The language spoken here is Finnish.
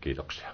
Kiitoksia.